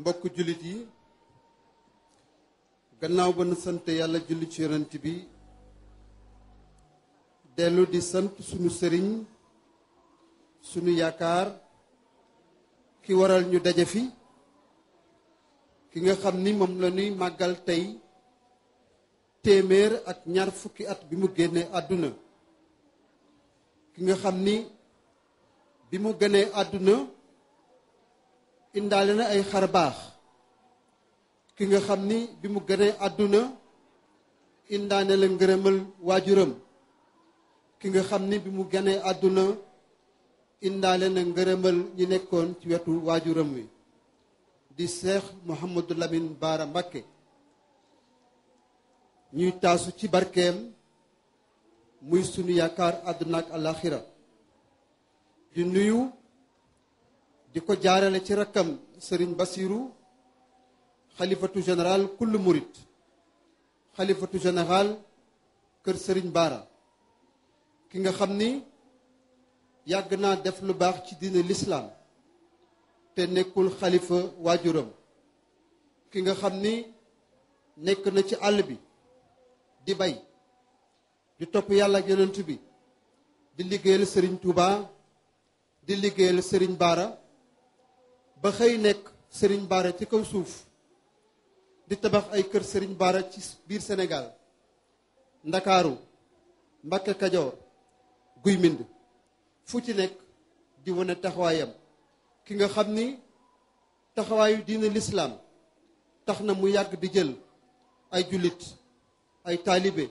mbokk jullit yi gannaaw ba nu sant yàlla julli ci yonent bi dellu di sant sunu sëriñ sunu yaakaar ki waral ñu daje fi ki nga xam ni moom la ñuy màggal tey téeméer ak ñaar fukki at bi mu génnee àdduna ki nga xam ni bi mu gënee àdduna indaale na ay xar baax ki nga xam ni bi mu gënee àdduna indaale la ngërëmal waajuram ki nga xam ni bi mu gënee àdduna indaale na ngërëmal ñi nekkoon ci wetu waajuram wi di Seex Mouhamadou Lamine Baara Mbacké ñuy taasu ci barkeem muy sunu yaakaar àdduna ak di nuyu di ko jaarale ci rakkam sëriñ Bassirou xalifatu général kull murit xalifatu général kër sëriñ baara ki nga xam ni yàgg naa def lu baax ci diine lislaam te nekkul xalifa waajuram ki nga xam ni nekk na ci àll bi di bay di topp yàlla ak bi di liggéeyal Serigne Touba di liggéeyal sëriñ baara ba xëy nekk sëriñ Bara ci kaw suuf di tabax ay kër sëriñ Bara ci biir Sénégal Ndakaaru Mbakke Kajoor Guy Mbind fu ci nekk di wane taxawaayam ki nga xam ni taxawaayu diine lislaam tax na mu yàgg di jël ay jullit ay taalibe